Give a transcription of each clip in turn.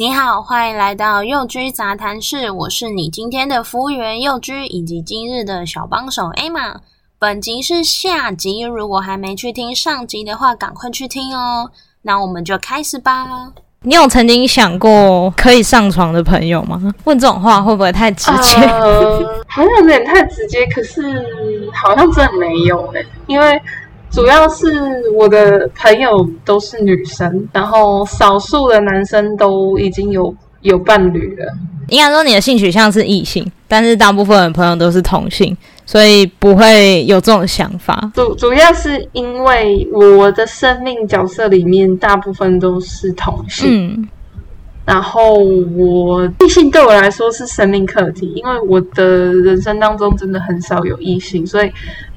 你好，歡迎來到祐 G 雜談室。我是你今天的服務員祐 G，以及今日的小幫手 Emma。本集是下集，如果還沒去聽上集的話，趕快去聽哦。那我們就開始吧。你有曾經想過可以上床的朋友嗎？問這種話會不會太直接？嗯、呃，好像 有點太直接，可是好像真的沒有哎，因為。主要是我的朋友都是女生，然後少數的男生都已經有有伴侶了。應該說你的性取向是異性，但是大部分的朋友都是同性，所以不會有這種想法。主主要是因為我的生命角色裡面大部分都是同性，嗯，然後我異性對我來說是生命課題，因為我的人生當中真的很少有異性，所以。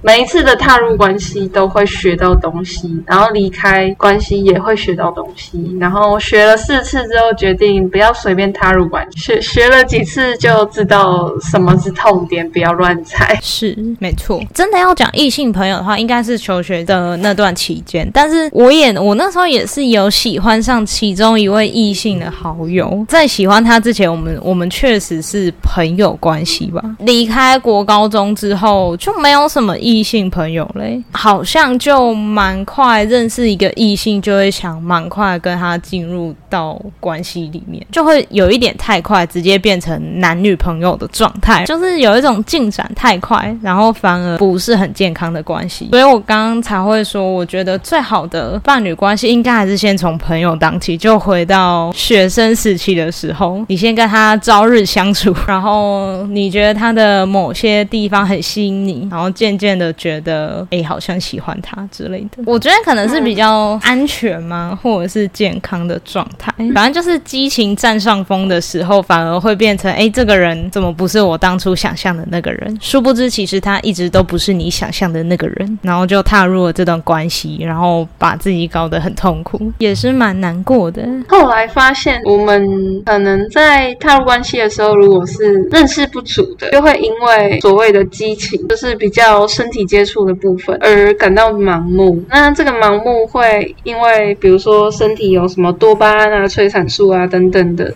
每一次的踏入關係都會學到東西，然後離開關係也會學到東西。然後學了四次之後，決定不要隨便踏入關係。學學了幾次就知道什麼是痛點，不要亂猜。是，沒錯。真的要講異性朋友的話，應該是求學的那段期間。但是我也我那時候也是有喜歡上其中一位異性的好友。在喜歡他之前，我們我們確實是朋友關係吧。離開國高中之後，就沒有什麼異。異性朋友嘞，好像就蠻快認識一個異性，就會想蠻快跟他進入到關係裡面，就會有一點太快，直接變成男女朋友的狀態，就是有一種進展太快，然後反而不是很健康的關係。所以我剛剛才會說，我覺得最好的伴侶關係，應該還是先從朋友當起，就回到學生時期的時候，你先跟他朝夕相處，然後你覺得他的某些地方很吸引你，然後漸漸的。覺得哎、欸，好像喜歡他之類的，我覺得可能是比較安全嗎，或者是健康的狀態。反正就是激情佔上風的時候，反而會變成哎、欸，這個人怎麼不是我當初想象的那個人？殊不知其，其實他一直都不是你想象的那個人。然後就踏入了這段關係，然後把自己搞得很痛苦，也是蠻難過的。後來發現，我們可能在踏入關係的時候，如果是認識不足的，就會因為所謂的激情，就是比較深。身體接觸的部分而感到盲目，那這個盲目會因為比如說身體有什麼多巴胺啊、催產素啊等等的，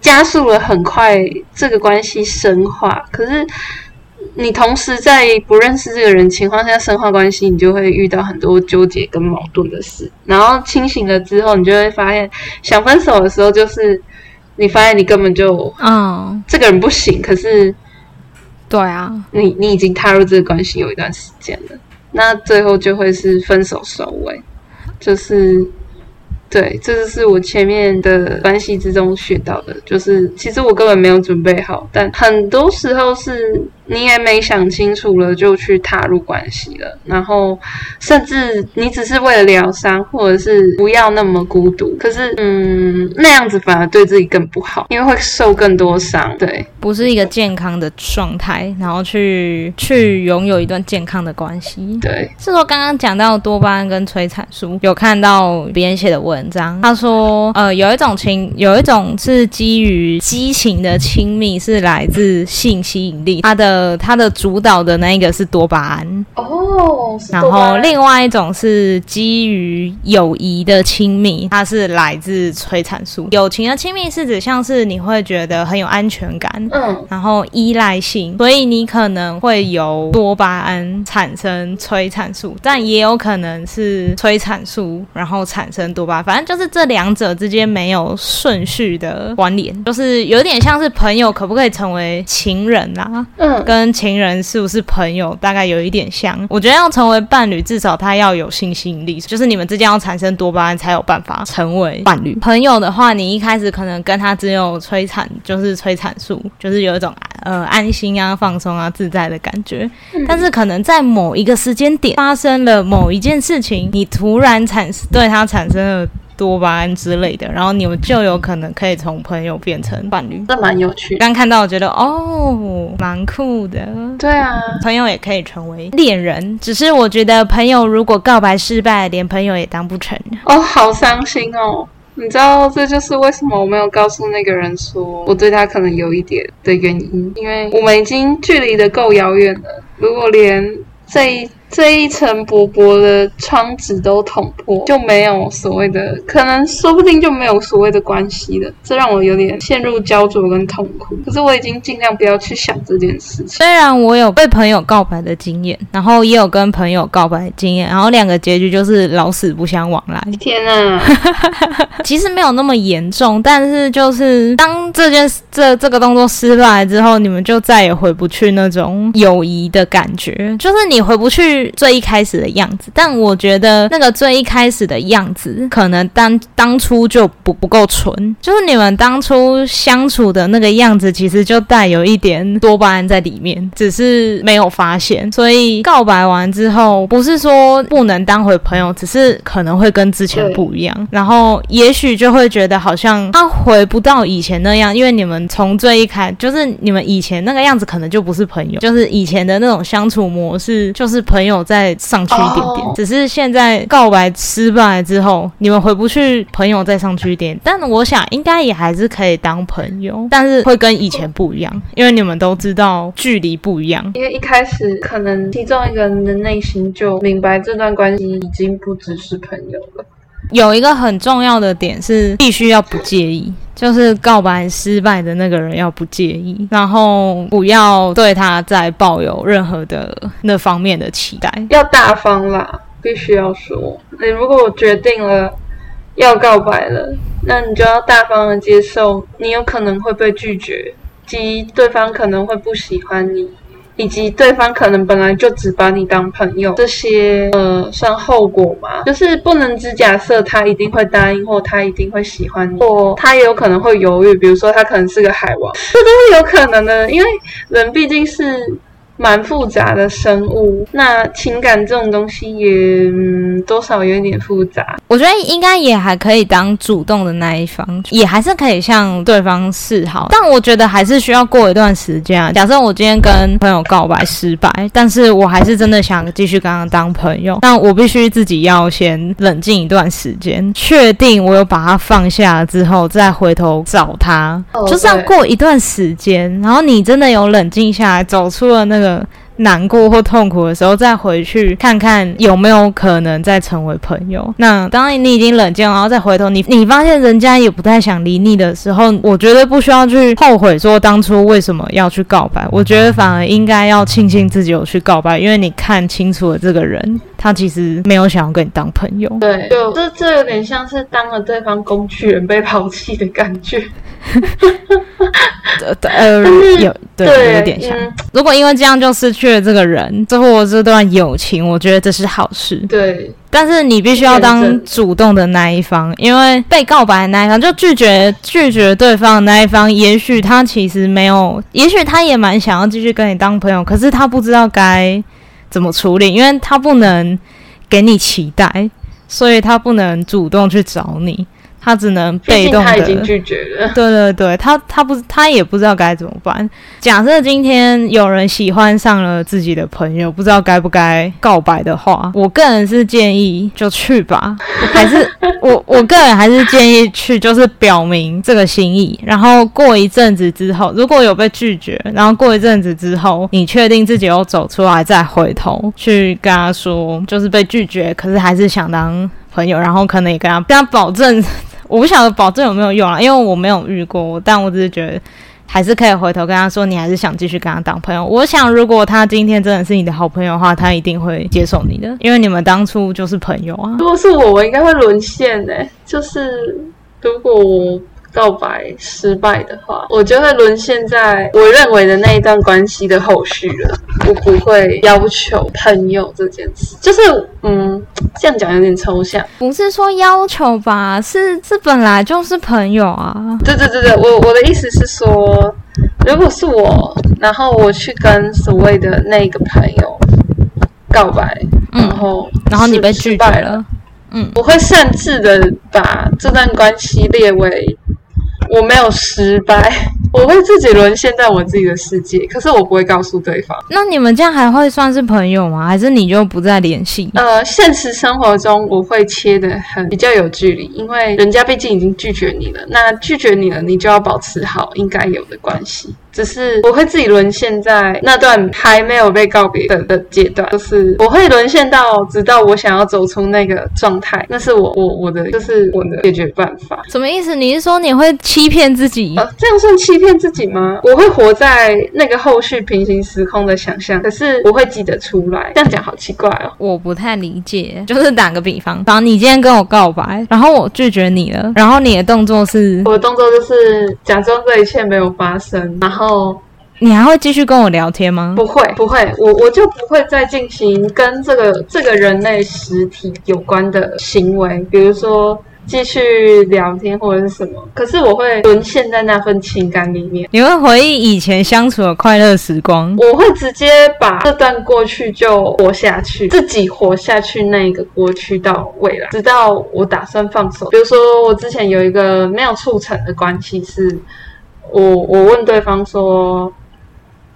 加速了很快這個關係深化。可是你同時在不認識這個人情況下深化關係，你就會遇到很多糾結跟矛盾的事。然後清醒了之後，你就會發現想分手的時候，就是你發現你根本就啊，oh。這個人不行。可是對啊，你你已經踏入這個關係有一段時間了，那最後就會是分手收尾，就是。對，這就是我前面的關係之中學到的，就是其實我根本沒有準備好，但很多時候是你也沒想清楚了就去踏入關係了，然後甚至你只是為了療傷，或者是不要那麼孤獨，可是嗯，那樣子反而對自己更不好，因為會受更多傷，對，不是一個健康的狀態，然後去去擁有一段健康的關係。對，是說剛剛講到多巴胺跟催產素，有看到別人寫的文。文章他說，呃，有一種情，有一種是基於激情的親密，是來自性吸引力，它的它的主導的那一個是多巴胺哦，胺然後另外一種是基於友誼的親密，它是來自催產素。友情的親密是指像是你會覺得很有安全感，嗯，然後依賴性，所以你可能會由多巴胺產生催產素，但也有可能是催產素然後產生多巴胺。反正就是這兩者之間沒有順序的關聯，就是有點像是朋友可不可以成為情人啊？嗯，跟情人是不是朋友大概有一點像。我覺得要成為伴侶，至少他要有性吸引力，就是你們之間要產生多巴胺才有辦法成為伴侶。朋友的話，你一開始可能跟他只有催產，就是催產素，就是有一種呃安心啊、放鬆啊、自在的感覺。但是可能在某一個時間點發生了某一件事情，你突然產生對他產生了。多巴胺之類的，然後你們就有可能可以從朋友變成伴侶，這蠻有趣。剛看到我覺得哦，蠻酷的。對啊，朋友也可以成為戀人，只是我覺得朋友如果告白失敗，連朋友也當不成。哦，好傷心哦！你知道這就是為什麼我沒有告訴那個人說我對他可能有一點的原因，因為我們已經距離得夠遙遠了。如果連這一這一層薄薄的窗紙都捅破，就沒有所謂的可能，說不定就沒有所謂的關係了。這讓我有點陷入焦灼跟痛苦。可是我已經盡量不要去想這件事情。雖然我有被朋友告白的經驗，然後也有跟朋友告白的經驗，然後兩個結局就是老死不相往來。天哪！ 其實沒有那麼嚴重，但是就是當這件事這這個動作失敗之後，你們就再也回不去那種友誼的感覺，就是你回不去。最一開始的樣子，但我覺得那個最一開始的樣子，可能當當初就不不夠純，就是你們當初相處的那個樣子，其實就帶有一點多巴胺在裡面，只是沒有發現。所以告白完之後，不是說不能當回朋友，只是可能會跟之前不一樣，對然後也許就會覺得好像他回不到以前那樣，因為你們從最一開始，就是你們以前那個樣子，可能就不是朋友，就是以前的那種相處模式，就是朋友。有再上去一點點，只是現在告白失敗之後，你們回不去朋友，再上去一點，但我想應該也還是可以當朋友，但是會跟以前不一樣，因為你們都知道距離不一樣，因為一開始可能其中一個人的內心就明白這段關係已經不只是朋友了。有一個很重要的點是，必須要不介意，就是告白失敗的那個人要不介意，然後不要對他再抱有任何的那方面的期待，要大方啦，必須要說。你如果我決定了要告白了，那你就要大方的接受，你有可能會被拒絕，即對方可能會不喜歡你。以及對方可能本來就只把你當朋友，這些呃算後果嘛？就是不能只假設他一定會答應或他一定會喜歡你，或他也有可能會猶豫。比如說他可能是個海王，這都是有可能的，因為人畢竟是。蠻複雜的生物，那情感這種東西也，嗯，多少有點複雜。我覺得應該也還可以當主動的那一方，也還是可以向對方示好。但我覺得還是需要過一段時間啊。假設我今天跟朋友告白失敗，但是我還是真的想繼續跟他當朋友，但我必須自己要先冷靜一段時間，確定我有把他放下了之後，再回頭找他。哦，就是要過一段時間，對然後你真的有冷靜下來，走出了那個。難過或痛苦的時候，再回去看看有沒有可能再成為朋友。那當，你已經冷靜了，然後再回頭你，你你發現人家也不太想理你的時候，我覺得不需要去後悔說當初為什麼要去告白。我覺得反而應該要慶幸自己有去告白，因為你看清楚了這個人。他其實沒有想要跟你當朋友。對，就這這有點像是當了對方工具人被拋棄的感覺， 對對呃是有對，對有點像，嗯、如果因為這樣就失去了這個人，這或者這段友情，我覺得這是好事。對，但是你必須要當主動的那一方，對因為被告白的那一方就拒絕拒絕對方的那一方，也許他其實沒有，也許他也蠻想要繼續跟你當朋友，可是他不知道該。怎麼處理？因為他不能給你期待，所以他不能主動去找你。他只能被動的，對對對，他他不他也不知道該怎麼辦。假設今天有人喜歡上了自己的朋友，不知道該不該告白的話，我個人是建議就去吧。還是我我個人還是建議去，就是表明這個心意。然後過一陣子之後，如果有被拒絕，然後過一陣子之後，你確定自己又走出來，再回頭去跟他說，就是被拒絕，可是還是想當朋友，然後可能也跟他跟他保證。我不曉得保證有沒有用啊，因為我沒有遇過，但我只是覺得還是可以回頭跟他說，你還是想繼續跟他當朋友。我想，如果他今天真的是你的好朋友的話，他一定會接受你的，因為你們當初就是朋友啊。如果是我，我應該會淪陷欸。就是如果我告白失敗的話，我就會淪陷在我認為的那一段關係的後續了。我不會要求朋友這件事，就是嗯。這樣講有點抽象，不是說要求吧，是這本來就是朋友啊。對對對對，我我的意思是說，如果是我，然後我去跟所謂的那個朋友告白，嗯、然後然後你被拒絕了，敗嗯，我會擅自的把這段關係列為我沒有失敗。我會自己淪陷在我自己的世界，可是我不會告訴對方。那你們這樣還會算是朋友嗎？還是你就不再聯繫？呃，現實生活中我會切得很比較有距離，因為人家畢竟已經拒絕你了。那拒絕你了，你就要保持好應該有的關係。 只是我會自己淪陷在那段還沒有被告別的的階段，就是我會淪陷到直到我想要走出那個狀態，那是我我我的就是我的解決辦法。什麼意思？你是說你會欺騙自己？啊，這樣算欺騙自己嗎？我會活在那個後續平行時空的想象，可是我會記得出來。這樣講好奇怪哦，我不太理解。就是打個比方，然後你今天跟我告白，然後我拒絕你了，然後你的動作是？我的動作就是假裝這一切沒有發生，然後。哦，你還會繼續跟我聊天嗎？不會，不會，我我就不會再進行跟這個這個人類實體有關的行為，比如說繼續聊天或者是什麼。可是我會淪陷在那份情感裡面，你會回憶以前相處的快樂時光。我會直接把這段過去就活下去，自己活下去，那一個過去到未來，直到我打算放手。比如說，我之前有一個沒有促成的關係是。我我問對方說，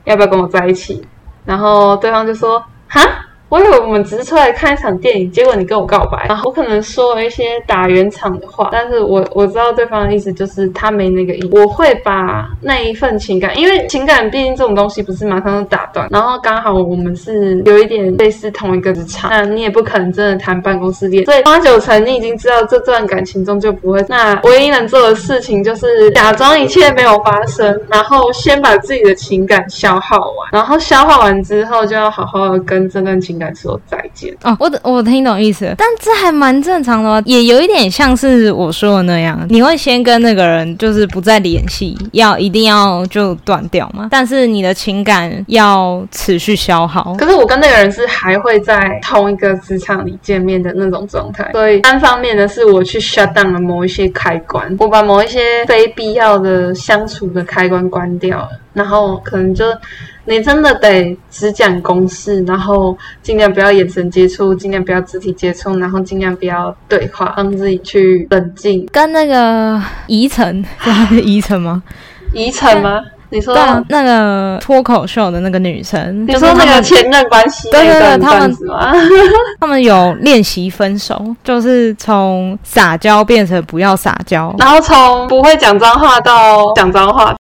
要不要跟我在一起？然後對方就說，蛤。我以為我們只是出來看一場電影，結果你跟我告白，然後我可能說了一些打圓場的話，但是我我知道對方的意思就是他沒那個意思。我會把那一份情感，因為情感畢竟這種東西不是馬上就打斷。然後剛好我們是有一點類似同一個職場，那你也不可能真的談辦公室戀。所以八九成，你已經知道這段感情中就不會，那唯一能做的事情就是假裝一切沒有發生，然後先把自己的情感消耗完，然後消耗完之後就要好好的跟這段情。應該說再見哦，我我聽懂意思，但這還蠻正常的啊，也有一點像是我說的那樣，你會先跟那個人就是不再聯繫，要一定要就斷掉嘛。但是你的情感要持續消耗。可是我跟那個人是還會在同一個職場裡見面的那種狀態，所以單方面的是我去 shut down 了某一些開關，我把某一些非必要的相處的開關關掉了，然後可能就。你真的得只講公式，然後儘量不要眼神接觸，儘量不要肢體接觸，然後儘量不要對話，讓自己去冷靜。跟那個怡晨， 怡晨嗎？ 怡晨嗎？對你說、啊、那個脫口秀的那個女生，你說們那個前任關係段段？對對對，他們什麼？ 他們有練習分手，就是從撒嬌變成不要撒嬌，然後從不會講髒話到講髒話。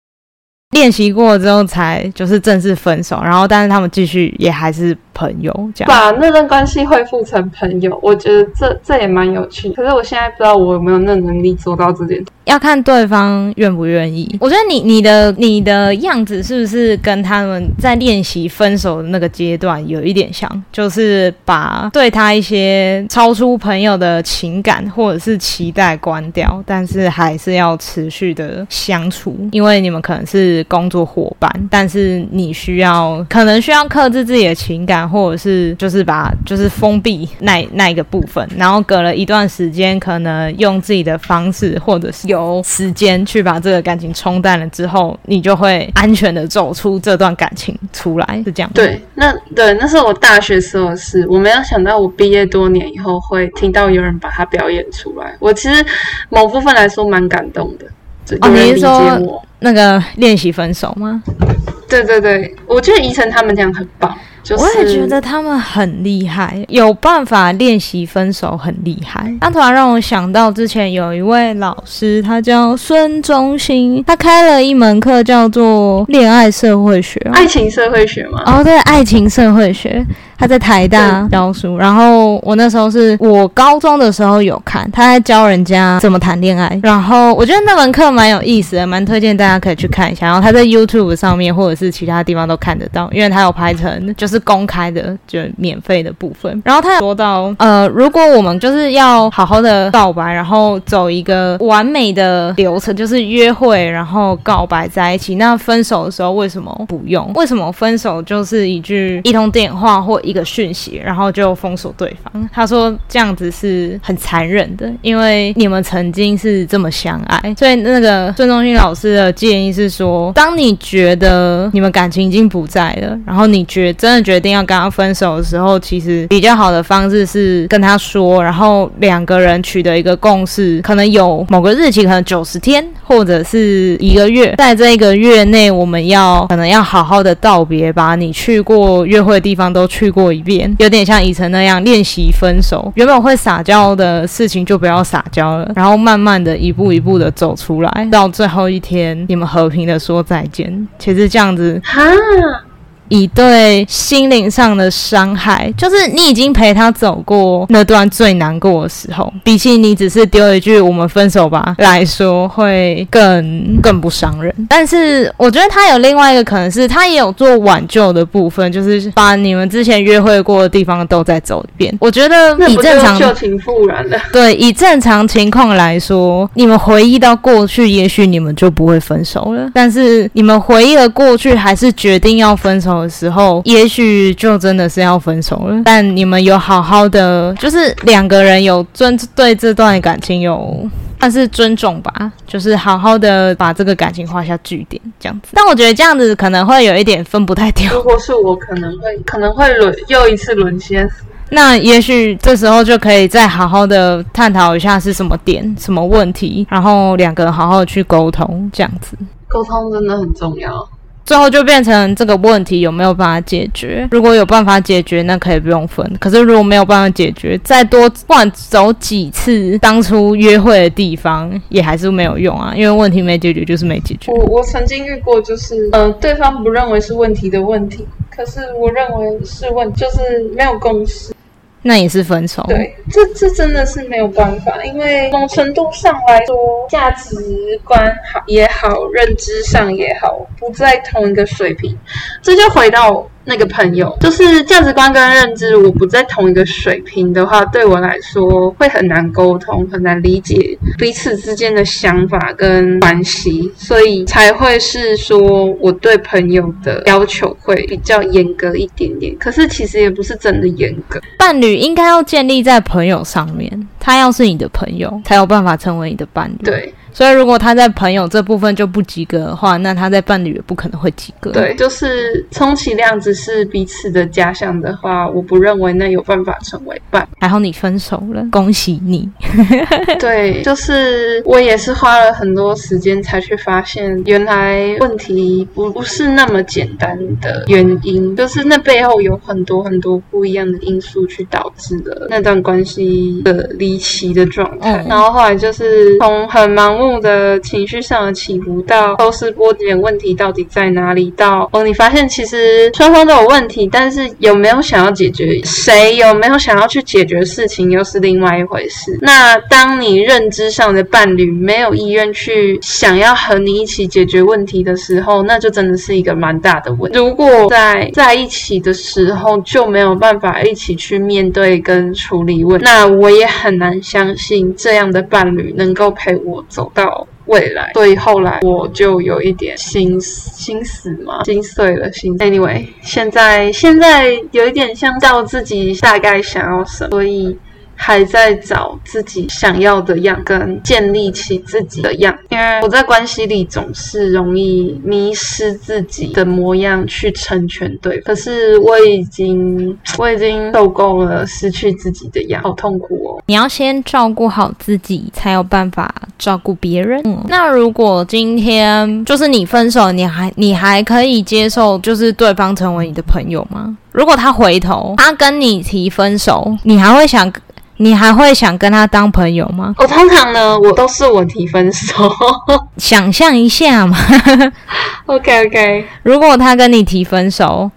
練習過之後才就是正式分手，然後但是他們繼續也還是。朋友，這樣。把那段關係恢復成朋友，我覺得這這也蠻有趣。可是我現在不知道我有沒有那能力做到這點。要看對方願不願意。我覺得你你的你的樣子是不是跟他們在練習分手的那個階段有一點像？就是把對他一些超出朋友的情感或者是期待關掉，但是還是要持續的相處，因為你們可能是工作夥伴，但是你需要，可能需要克制自己的情感。或者是就是把就是封閉那那一個部分，然後隔了一段時間，可能用自己的方式或者是有時間去把這個感情沖淡了之後，你就會安全的走出這段感情出來，是這樣。對，那對，那是我大學的時候的事，我沒有想到我畢業多年以後會聽到有人把它表演出來。我其實某部分來說蠻感動的。哦，你是說那個練習分手嗎？對對對，我覺得宜城他們這樣很棒。就是我也覺得他們很厲害，有辦法練習分手，很厲害。他突然讓我想到之前有一位老師，他叫孫中興，他開了一門課叫做《戀愛社會學》。愛情社會學嗎？哦，oh, 對，愛情社會學。他在台大教書，然後我那時候是我高中的時候有看，他在教人家怎麼談戀愛，然後我覺得那門課蠻有意思的，蠻推薦大家可以去看一下。然後他在 YouTube 上面或者是其他地方都看得到，因為他有拍成就是公開的，就免費的部分。然後他說到，呃，如果我們就是要好好的告白，然後走一個完美的流程，就是約會，然後告白在一起，那分手的時候為什麼不用？為什麼分手就是一句一通電話或一一個訊息，然後就封鎖對方。他說這樣子是很殘忍的，因為你們曾經是這麼相愛。所以那個孫中興老師的建議是說，當你覺得你們感情已經不在了，然後你覺真的決定要跟他分手的時候，其實比較好的方式是跟他說，然後兩個人取得一個共識，可能有某個日期，可能九十天或者是一個月，在這一個月內，我們要可能要好好的道別，把你去過約會的地方都去過。過一遍，有點像以辰那樣練習分手。原本會撒嬌的事情就不要撒嬌了，然後慢慢的一步一步的走出來。到最後一天，你們和平的說再見。其實這樣子，哈。以對心靈上的傷害，就是你已經陪他走過那段最難過的時候，比起你只是丟一句“我們分手吧”來說，會更更不傷人。但是，我覺得他有另外一個可能是，他也有做挽救的部分，就是把你們之前約會過的地方都再走一遍。我覺得那不就是舊情復燃了？以正常，對，以正常情況來說，你們回憶到過去，也許你們就不會分手了。但是，你們回憶了過去，還是決定要分手。的時候，也許就真的是要分手了。但你們有好好的，就是兩個人有尊對這段感情有，算是尊重吧，就是好好的把這個感情畫下句點，這樣子。但我覺得這樣子可能會有一點分不太掉。如果是我，可能會可能會淪又一次淪陷。那也許這時候就可以再好好的探討一下是什麼點、什麼問題，然後兩個人好好的去溝通，這樣子。溝通真的很重要。最後就變成這個問題有沒有辦法解決？如果有辦法解決，那可以不用分。可是如果沒有辦法解決，再多不管走幾次當初約會的地方，也還是沒有用啊！因為問題沒解決，就是沒解決。我我曾經遇過，就是呃，對方不認為是問題的問題，可是我認為是問，就是沒有共識。那也是分手。對，這這真的是沒有辦法，因為從程度上來說，價值觀好也好，認知上也好，不在同一個水平，這就回到。那個朋友就是價值觀跟認知，我不在同一個水平的話，對我來說會很難溝通，很難理解彼此之間的想法跟關係，所以才會是說我對朋友的要求會比較嚴格一點點。可是其實也不是真的嚴格。伴侶應該要建立在朋友上面，他要是你的朋友，才有辦法成為你的伴侶。對。所以，如果他在朋友這部分就不及格的話，那他在伴侶也不可能會及格。對，就是充其量只是彼此的假象的話，我不認為那有辦法成為伴。還好你分手了，恭喜你。 對，就是我也是花了很多時間才去發現，原來問題不不是那麼簡單的原因，就是那背後有很多很多不一樣的因素去導致了那段關係的離奇的狀態。嗯、然後後來就是從很忙。的情緒上的起伏到，都是波點問題到底在哪裡到哦？你發現其實雙方都有問題，但是有沒有想要解決誰？誰有沒有想要去解決事情，又是另外一回事。那當你認知上的伴侶沒有意願去想要和你一起解決問題的時候，那就真的是一個蠻大的問。如果在在一起的時候就沒有辦法一起去面對跟處理問題，那我也很難相信這樣的伴侶能夠陪我走。到未來，所以後來我就有一點心思心死嘛，心碎了心。Anyway，現在現在有一點想到自己大概想要什麼，所以。還在找自己想要的樣，跟建立起自己的樣。因為我在關係裡總是容易迷失自己的模樣，去成全對方。可是我已經我已經受夠了失去自己的樣，好痛苦哦！你要先照顧好自己，才有辦法照顧別人。嗯，那如果今天就是你分手，你還你還可以接受，就是對方成為你的朋友嗎？如果他回頭，他跟你提分手，你還會想？你還會想跟他當朋友嗎？我通、oh, 常常呢，我都是我提分手。 想象一下嘛 ，OK OK。如果他跟你提分手，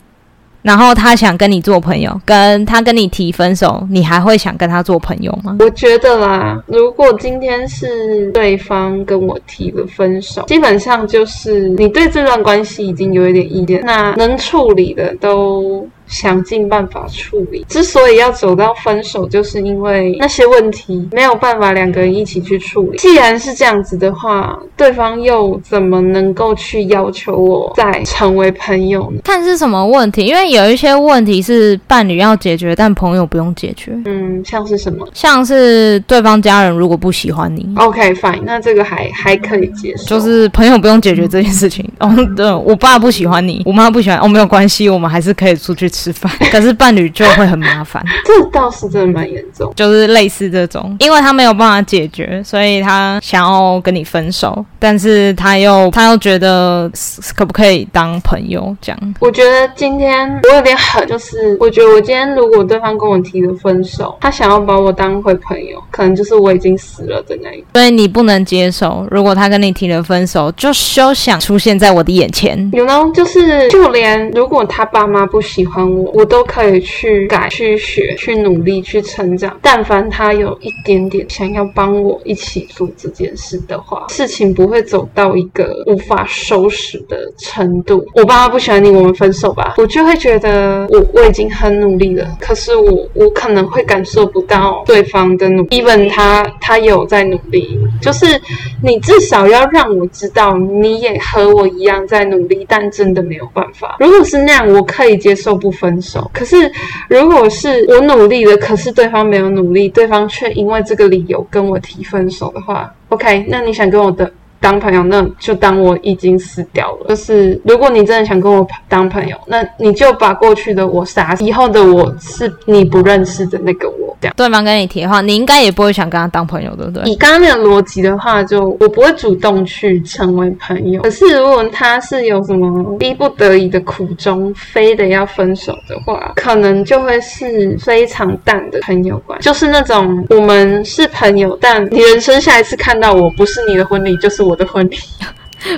然後他想跟你做朋友，跟他跟你提分手，你還會想跟他做朋友嗎？我覺得啦，如果今天是對方跟我提了分手，基本上就是你對這段關係已經有一點意見，那能處理的都。想盡辦法處理。之所以要走到分手，就是因為那些問題沒有辦法兩個人一起去處理。既然是這樣子的話，對方又怎麼能夠去要求我再成為朋友呢？看是什麼問題，因為有一些問題是伴侶要解決，但朋友不用解決。嗯，像是什麼？像是對方家人如果不喜歡你。OK，fine，okay，那這個還還可以接受。就是朋友不用解決這件事情。嗯、哦，對，我爸不喜歡你，我媽不喜歡，哦，沒有關係，我們還是可以出去吃。吃飯， 可是伴侶就會很麻煩。 這倒是真的蠻嚴重，就是類似這種，因為他沒有辦法解決，所以他想要跟你分手，但是他又他又覺得可不可以當朋友這樣？我覺得今天我有點狠，就是我覺得我今天如果對方跟我提了分手，他想要把我當回朋友，可能就是我已經死了的那一個。所以你不能接受，如果他跟你提了分手，就休想出現在我的眼前。有呢，就是就連如果他爸媽不喜歡。我我都可以去改、去學、去努力、去成長。但凡他有一點點想要幫我一起做這件事的話，事情不會走到一個無法收拾的程度。我爸媽不喜歡你，我們分手吧。我就會覺得我，我我已經很努力了，可是我我可能會感受不到對方的努力。even 他他有在努力，就是你至少要讓我知道你也和我一樣在努力。但真的沒有辦法，如果是那樣，我可以接受不。分手。可是，如果是我努力了，可是對方沒有努力，對方卻因為這個理由跟我提分手的話，OK，那你想跟我的當朋友，那就當我已經死掉了。就是，如果你真的想跟我當朋友，那你就把過去的我殺死，以後的我是你不認識的那個我。對方跟你提的話，你應該也不會想跟他當朋友，對不對？以剛剛那個邏輯的話就，就我不會主動去成為朋友。可是如果他是有什麼逼不得已的苦衷，非得要分手的話，可能就會是非常淡的朋友關係，就是那種我們是朋友，但你人生下一次看到我，不是你的婚禮，就是我的婚禮。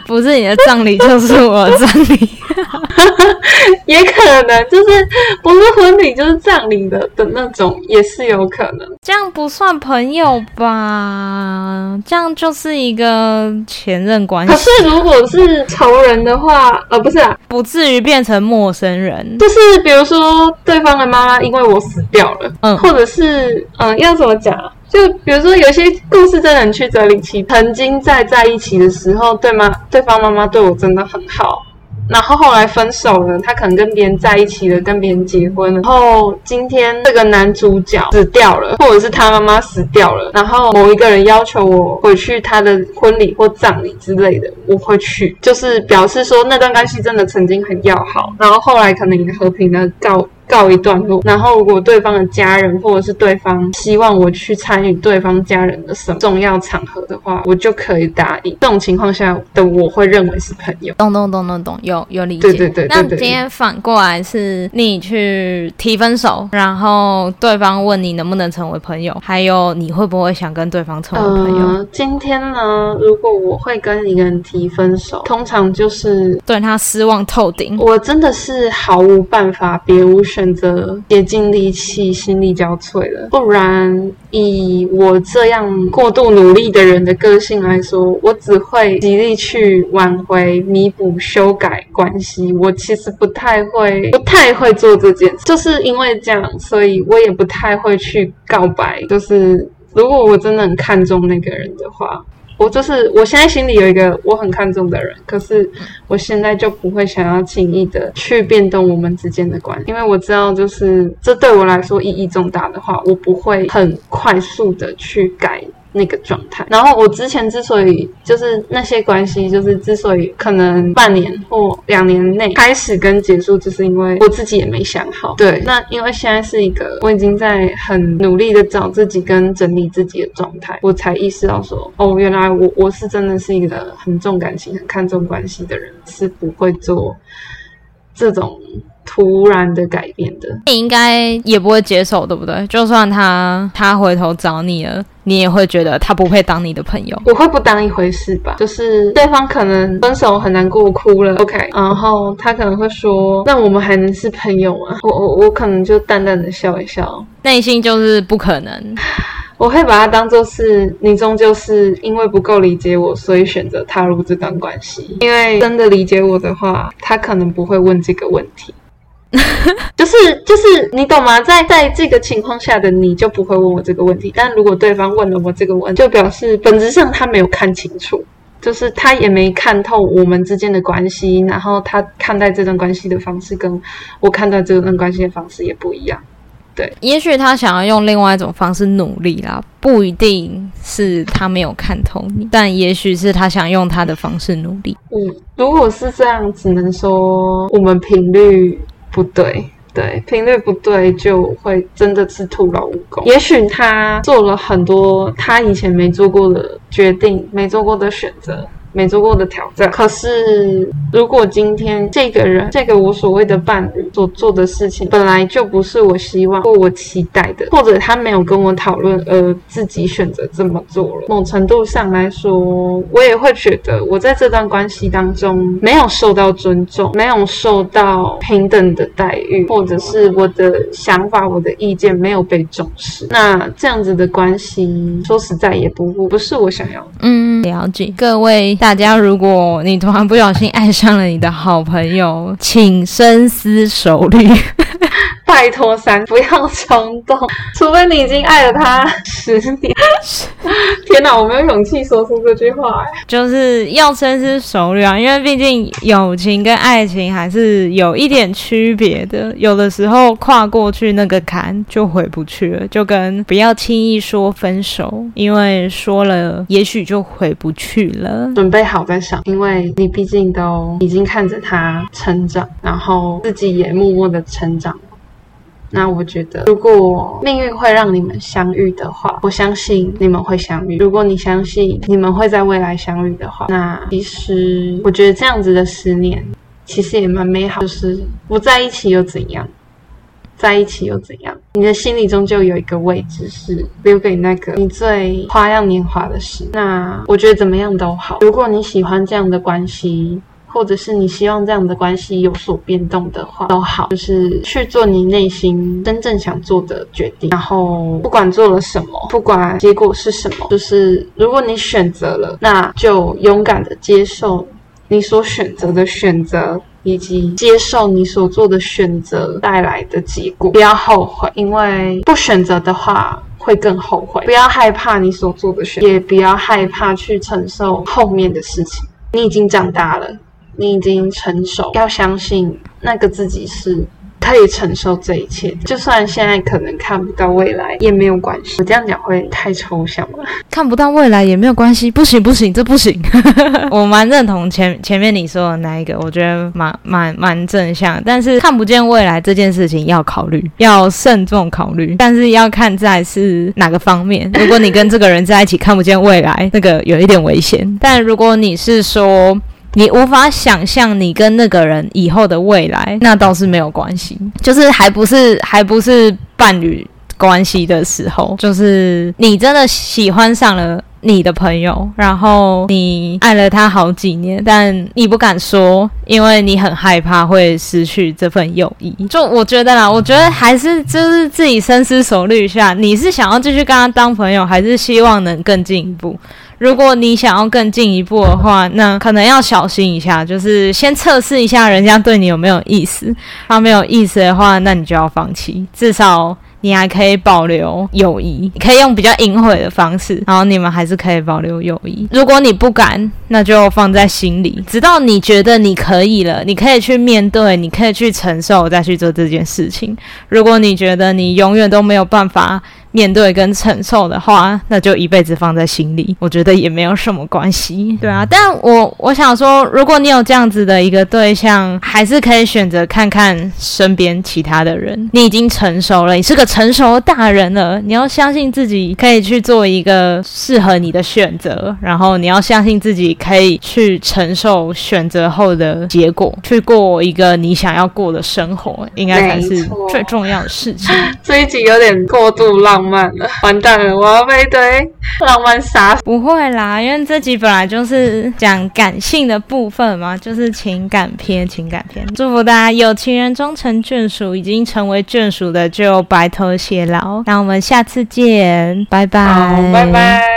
不是你的葬禮就是我的葬禮，啊， 也可能就是不是婚禮就是葬禮的的那種，也是有可能。這樣不算朋友吧？這樣就是一個前任關係。可是如果是仇人的話，呃，不是啊，不至於變成陌生人。就是比如說，對方的媽媽因為我死掉了，嗯，或者是嗯、呃，要怎麼講？就比如說，有些故事真的很曲折離奇。曾經在在一起的時候，對嗎？對方媽媽對我真的很好。然後後來分手了，他可能跟別人在一起了，跟別人結婚了。然後今天這個男主角死掉了，或者是他媽媽死掉了。然後某一個人要求我回去他的婚禮或葬禮之類的，我會去，就是表示說那段關係真的曾經很要好。然後後來可能也和平的告。告一段落。然後，如果對方的家人或者是對方希望我去參與對方家人的什麼重要場合的話，我就可以答應。這種情況下的我會認為是朋友。懂懂懂懂懂，有有理解。對對對對。那今天反過來是你去提分手，對然後對方問你能不能成為朋友，還有你會不會想跟對方成為朋友？呃，今天呢，如果我會跟一個人提分手，通常就是對他失望透頂。我真的是毫無辦法，別無。選擇也盡力氣心力交瘁了，不然以我這樣過度努力的人的個性來說，我只會極力去挽回、彌補、修改關係。我其實不太會，不太會做這件事，就是因為這樣，所以我也不太會去告白。就是如果我真的很看重那個人的話，我就是，我現在心裡有一個我很看重的人，可是我現在就不會想要輕易的去變動我們之間的關係，因為我知道，就是這對我來說意義重大的話，我不會很快速的去改。那個狀態，然後我之前之所以就是那些關係，就是之所以可能半年或兩年內開始跟結束，就是因為我自己也沒想好。對，那因為現在是一個我已經在很努力地找自己跟整理自己的狀態，我才意識到說，哦，原來我我是真的是一個很重感情、很看重關係的人，是不會做這種。突然的改變的，你應該也不會接受，對不對？就算他他回頭找你了，你也會覺得他不配當你的朋友。我會不當一回事吧，就是對方可能分手很難過哭了，OK，然後他可能會說：“那我們還能是朋友嗎？”我我我可能就淡淡的笑一笑，內心就是不可能。 我會把他當做是你終究是因為不夠理解我，所以選擇踏入這段關係。因為真的理解我的話，他可能不會問這個問題。 就是就是，你懂嗎？在在這個情況下的你就不會問我這個問題，但如果對方問了我這個問題，就表示本質上他沒有看清楚，就是他也沒看透我們之間的關係，然後他看待這段關係的方式跟我看待這段關係的方式也不一樣。對，也許他想要用另外一種方式努力啦，不一定是他沒有看透你，但也許是他想用他的方式努力。嗯，如果是這樣，只能說我們頻率。不對，對，頻率不對就會真的是徒勞無功。也許他做了很多他以前沒做過的決定，沒做過的選擇。沒做過的挑戰。可是，如果今天這個人，這個我所謂的伴侶所做的事情，本來就不是我希望或我期待的，或者他沒有跟我討論，而自己選擇這麼做了，某程度上來說，我也會覺得我在這段關係當中沒有受到尊重，沒有受到平等的待遇，或者是我的想法、我的意見沒有被重視。那這樣子的關係，說實在也不不是我想要。嗯，了解，各位。大家，如果你突然不小心愛上了你的好朋友，請深思熟慮。 拜託三，不要衝動，除非你已經愛了他十年。 天哪，我沒有勇氣說出這句話、欸、就是要深思熟慮啊，因為畢竟友情跟愛情還是有一點區別的。有的時候跨過去那個坎就回不去了，就跟不要輕易說分手，因為說了也許就回不去了。準備好再想，因為你畢竟都已經看着他成長，然後自己也默默的成長。那我覺得，如果命運會讓你們相遇的話，我相信你們會相遇。如果你相信你們會在未來相遇的話，那其實我覺得這樣子的思念，其實也蠻美好的。就是不在一起又怎樣，在一起又怎樣？你的心裡終究有一個位置是留給那個你最花樣年華的事。那我覺得怎麼樣都好，如果你喜歡這樣的關係。或者是你希望這樣的關係有所變動的話，都好，就是去做你內心真正想做的決定。然後不管做了什麼，不管結果是什麼，就是如果你選擇了，那就勇敢的接受你所選擇的選擇，以及接受你所做的選擇帶來的結果。不要後悔，因為不選擇的話會更後悔。不要害怕你所做的選擇，也不要害怕去承受後面的事情。你已經長大了。你已經成熟，要相信那個自己是可以承受這一切的。就算現在可能看不到未來，也沒有關係。我這樣講會太抽象了。看不到未來也沒有關係，不行不行，這不行。 我蠻認同前前面你說的那一個，我覺得蠻蠻蠻正向。但是看不見未來這件事情要考慮，要慎重考慮。但是要看在是哪個方面。如果你跟這個人在一起看不見未來， 那個有一點危險。但如果你是說。你無法想象你跟那個人以後的未來，那倒是沒有關係，就是還不是還不是伴侶關係的時候，就是你真的喜歡上了你的朋友，然後你愛了他好幾年，但你不敢說，因為你很害怕會失去這份友誼。就我覺得啦，我覺得還是就是自己深思熟慮一下，你是想要繼續跟他當朋友，還是希望能更進一步？如果你想要更進一步的話，那可能要小心一下，就是先測試一下人家對你有沒有意思。他、啊、沒有意思的話，那你就要放棄，至少你還可以保留友誼，可以用比較隱晦的方式，然後你們還是可以保留友誼。如果你不敢，那就放在心裡，直到你覺得你可以了，你可以去面對，你可以去承受，再去做這件事情。如果你覺得你永遠都沒有辦法面對跟承受的話，那就一輩子放在心裡，我覺得也沒有什麼關係，對啊。但我我想說，如果你有這樣子的一個對象，還是可以選擇看看身邊其他的人。你已經成熟了，你是個成熟的大人了。你要相信自己可以去做一個適合你的選擇，然後你要相信自己可以去承受選擇後的結果，去過一個你想要過的生活，應該才是最重要的事情。沒錯。這一集有點過度浪漫。完蛋了！我要被對浪漫殺。不會啦，因為這集本來就是講感性的部分嘛，就是情感片，情感片。祝福大家，啊，有情人終成眷屬，已經成為眷屬的就白頭偕老。那我們下次見，拜拜，拜拜。